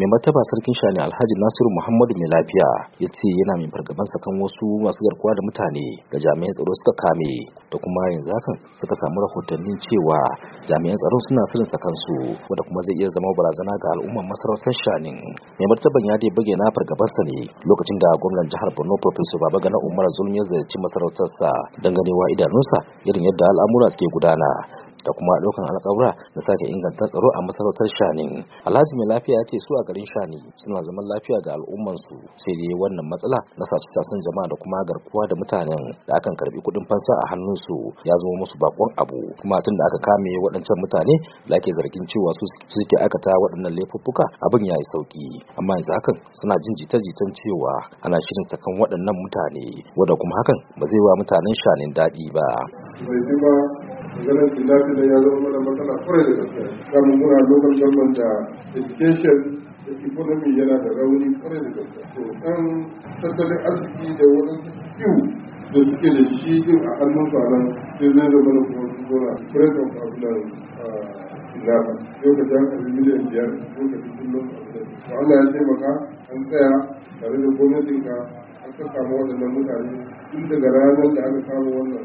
mai martaba sarkin shani alhaji nasiru muhammadu mai lafiya ya ce yana mai fargaban sakan wasu masu garkuwa da mutane da jami'an tsaro suka kame da kuma yanzu hakan suka samu rahotannin cewa jami'an tsaro suna sirrin sakan su wanda kuma zai iya zama barazana ga al'ummar masarautar shanin mai martaban ya dai bage na fargaban sa ne lokacin da gwamnan jihar borno professor na umar zulmi ya ziyarci masarautarsa don ganewa idanunsa irin yadda al'amura suke gudana da kuma ɗaukan alƙawura na sake inganta tsaro a masarautar Shani. Alhaji mai lafiya ya ce su a garin Shani suna zaman lafiya ga al'umman su sai dai wannan matsala na sace sacen jama'a da kuma garkuwa da mutanen da akan karbi kuɗin fansa a hannun su ya zama musu bakon abu kuma tun da aka kame waɗancan mutane da ake zargin cewa su suke aikata waɗannan laifuffuka abin ya yi sauki amma yanzu hakan suna jin jita-jitan cewa ana shirin sakan waɗannan mutane wanda kuma hakan ba zai wa mutanen shanin daɗi ba. maganar filafila ya zama mana matsala kwarai da gaske kamun muna local government da education da economy yana da rauni kwarai da tattalin arziki da wurin kiwo da da shi yin a hannun su a nan sai zai zama da ah, kuma biyar ko Allah ya taimaka an tsaya tare da gwamnatinka an ka waɗannan mutane tun daga ranar da aka samu wannan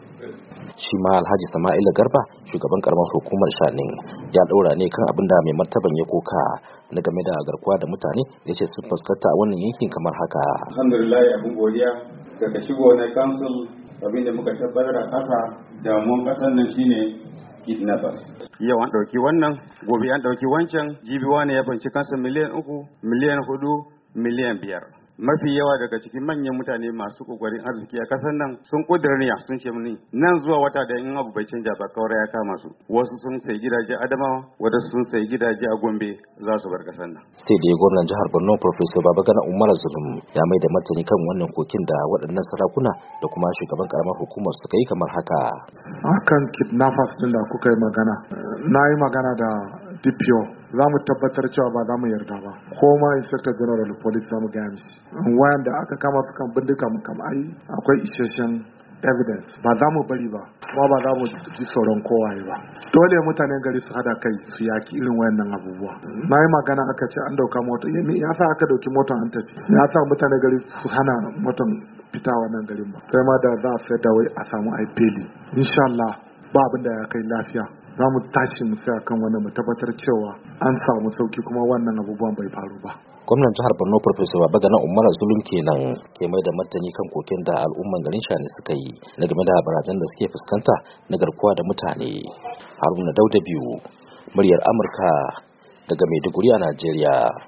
shi ma alhaji sama'ila garba shugaban karamar hukumar shanin ya ɗora ne kan abin da mai martaban ya koka na game da garkuwa da mutane ya ce sun fuskanta a wannan yankin kamar haka alhamdulillah abin godiya daga shigo na kansul abin da muka tabbatar a kasa mun kasan nan shine kidnappers. Yau an ɗauki wannan, gobe an ɗauki wancan, jibi wani ya banci kansa miliyan uku, miliyan hudu, miliyan biyar. mafi yawa daga cikin manyan mutane masu kokarin arziki a kasar nan sun ne sun ce mini nan zuwa wata da in abu bai canja ba kawai ya kama su wasu sun sai gidaje adamawa wasu sun sai gidaje a gombe za su bar kasar nan sai da gwamnan jihar borno professor babagana umar zulum ya mai da martani kan wannan kokin da waɗannan sarakuna da kuma shugaban karamar hukumar suka yi kamar haka akan kidnappers din da kuka yi magana na yi magana da dpo za mu tabbatar cewa ba za mu yarda ba ko ma inspector general police za mu gaya mishi wayan da aka kama su kan bindiga mu kam yi akwai isasshen evidence ba za mu bari ba kuma ba za mu ji tsoron kowaye ba dole mutanen gari su hada kai su yaki irin wayannan abubuwa na yi magana aka ce an dauka mota ya sa aka dauki motan an tafi ya sa mutanen gari su hana motan fita wannan garin ba sai ma da za a sayar da wai a samu ai insha Allah ba abin da ya kai lafiya za mu tashi mu sa kan wannan mu tabbatar cewa an samu sauki kuma wannan abubuwan bai faru ba gwamnan jihar borno farfesa na umar zulum kenan ke mai da martani kan koken da al'umman garin shani suka yi na game da barazan da suke fuskanta na garkuwa da mutane haruna dauda biyu muryar amurka daga maiduguri a najeriya